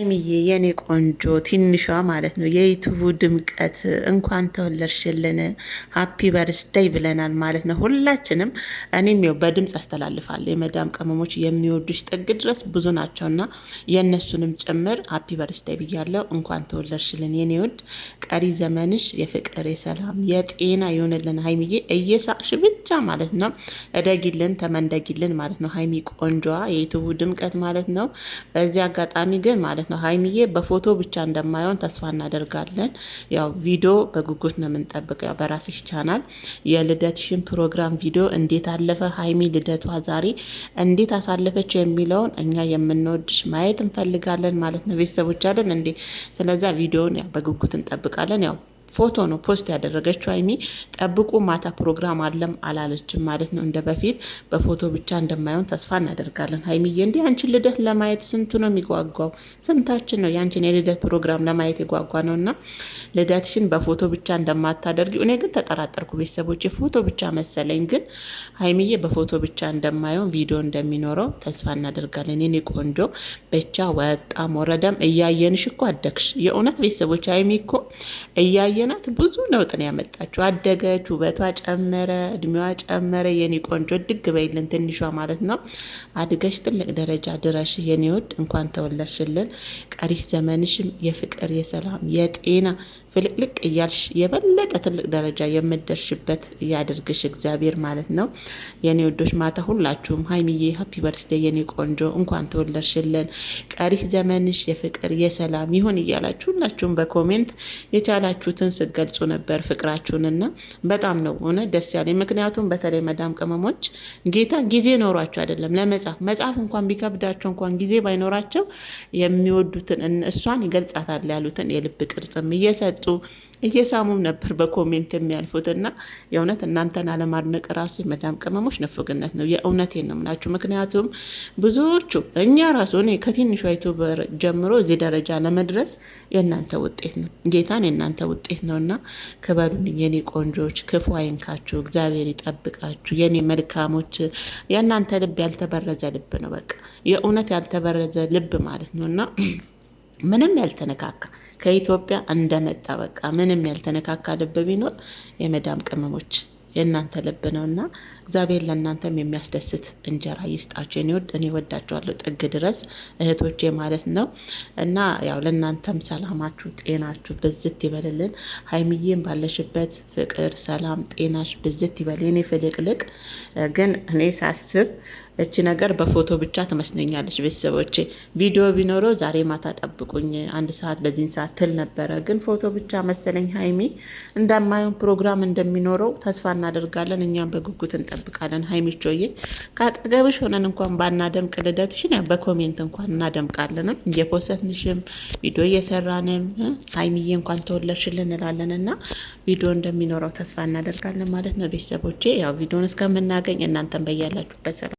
ሀይሚዬ የኔ ቆንጆ ትንሿ ማለት ነው የዩቱቡ ድምቀት እንኳን ተወለድሽልን ሀፒ በርስደይ ብለናል ማለት ነው ሁላችንም። እኔም ው በድምፅ አስተላልፋለሁ የመዳም ቅመሞች የሚወዱሽ ጥግ ድረስ ብዙ ናቸውና የእነሱንም ጭምር ሀፒ በርስደይ ብያለው። እንኳን ተወለድሽልን የኔ ውድ፣ ቀሪ ዘመንሽ የፍቅር የሰላም የጤና ይሆንልን ሀይሚዬ፣ እየሳቅሽ ብቻ ማለት ነው እደጊልን፣ ተመንደጊልን ማለት ነው ሀይሚ ቆንጆዋ የዩቱቡ ድምቀት ማለት ነው። በዚህ አጋጣሚ ግን ማለት ነው። ሀይሚዬ በፎቶ ብቻ እንደማይሆን ተስፋ እናደርጋለን። ያው ቪዲዮ በጉጉት ነው የምንጠብቅ። ያው በራስሽ ቻናል የልደትሽን ፕሮግራም ቪዲዮ እንዴት አለፈ፣ ሀይሚ ልደቷ ዛሬ እንዴት አሳለፈች የሚለውን እኛ የምንወድሽ ማየት እንፈልጋለን ማለት ነው። ቤተሰቦች አለን እንዴ! ስለዚያ ቪዲዮን በጉጉት እንጠብቃለን ያው ፎቶ ነው ፖስት ያደረገችው። ሀይሚ ጠብቁ ማታ ፕሮግራም አለም አላለችም ማለት ነው። እንደ በፊት በፎቶ ብቻ እንደማይሆን ተስፋ እናደርጋለን። ሀይሚዬ እንዲህ አንቺን ልደት ለማየት ስንቱ ነው የሚጓጓው? ስንታችን ነው የአንቺን የልደት ፕሮግራም ለማየት የጓጓ ነው እና ልደትሽን በፎቶ ብቻ እንደማታደርጊው እኔ ግን ተጠራጠርኩ። ቤተሰቦች ፎቶ ብቻ መሰለኝ፣ ግን ሀይሚዬ በፎቶ ብቻ እንደማይሆን ቪዲዮ እንደሚኖረው ተስፋ እናደርጋለን። የኔ ቆንጆ ብቻ ወጣም ወረደም እያየንሽ እኮ አደግሽ። የእውነት ቤተሰቦች ሀይሚ እኮ እያየ ካየናት ብዙ ለውጥን ነው ያመጣችው። አደገች፣ ውበቷ ጨመረ፣ እድሜዋ ጨመረ። የኔ ቆንጆ ድግ በይልን ትንሿ ማለት ነው። አድገሽ ትልቅ ደረጃ ድረሽ የኔ ውድ እንኳን ተወለድሽልን። ቀሪ ዘመንሽም የፍቅር፣ የሰላም፣ የጤና ፍልቅልቅ እያልሽ የበለጠ ትልቅ ደረጃ የምደርሽበት ያድርግሽ እግዚአብሔር ማለት ነው። የኔ ውዶች ማታ ሁላችሁም ሀይሚዬ ሀፒ በርስዴ የኔ ቆንጆ እንኳን ተወለድሽልን። ቀሪ ዘመንሽ የፍቅር፣ የሰላም ይሁን እያላችሁ ሁላችሁም በኮሜንት የቻላችሁትን ፍቅራችሁን ስገልጹ ነበር። ፍቅራችሁንና በጣም ነው ሆነ ደስ ያለ ምክንያቱም በተለይ መዳም ቅመሞች ጌታ ጊዜ ኖሯቸው አይደለም ለመጻፍ መጻፍ እንኳን ቢከብዳቸው እንኳን ጊዜ ባይኖራቸው የሚወዱትን እሷን ይገልጻታል ያሉትን የልብ ቅርጽም እየሰጡ እየሳሙም ነበር በኮሜንት የሚያልፉት እና የእውነት እናንተን አለማድነቅ ራሱ የመዳም ቅመሞች ንፉግነት ነው። የእውነቴ ነው የምላችሁ። ምክንያቱም ብዙዎቹ እኛ ራሱ እኔ ከትንሿ ዩቱበር ጀምሮ እዚህ ደረጃ ለመድረስ የእናንተ ውጤት ነው። ጌታን የእናንተ ውጤት እንዴት ነው እና ክበሩልኝ የኔ ቆንጆች፣ ክፉ አይንካችሁ፣ እግዚአብሔር ይጠብቃችሁ። የኔ መልካሞች፣ የእናንተ ልብ ያልተበረዘ ልብ ነው። በቃ የእውነት ያልተበረዘ ልብ ማለት ነው እና ምንም ያልተነካካ ከኢትዮጵያ እንደመጣ በቃ ምንም ያልተነካካ ልብ ቢኖር የመዳም ቅመሞች የእናንተ ልብ ነው እና እግዚአብሔር ለእናንተም የሚያስደስት እንጀራ ይስጣቸው። እኔ ወድ እኔ ወዳቸዋለሁ ጥግ ድረስ እህቶቼ ማለት ነው እና ያው ለእናንተም ሰላማችሁ፣ ጤናችሁ ብዝት ይበልልን። ሀይሚዬም ባለሽበት ፍቅር፣ ሰላም፣ ጤናሽ ብዝት ይበል። የኔ ፍልቅልቅ ግን እኔ ሳስብ እቺ ነገር በፎቶ ብቻ ትመስለኛለች። ቤተሰቦች ቪዲዮ ቢኖረው ዛሬ ማታ ጠብቁኝ አንድ ሰዓት በዚህን ሰዓት ትል ነበረ፣ ግን ፎቶ ብቻ መሰለኝ። ሀይሚ እንደማየውን ፕሮግራም እንደሚኖረው ተስፋ እናደርጋለን። እኛም በጉጉት እንጠብቃለን። ሀይሚቾዬ ከአጠገብሽ ሆነን እንኳን ባናደምቅ ልደትሽን በኮሜንት እንኳን እናደምቃለንም እየፖሰትንሽም ቪዲዮ እየሰራንም ሀይሚዬ እንኳን ተወለድሽልን እንላለን እና ቪዲዮ እንደሚኖረው ተስፋ እናደርጋለን ማለት ነው ቤተሰቦቼ። ያው ቪዲዮን እስከምናገኝ እናንተን በያላችሁበት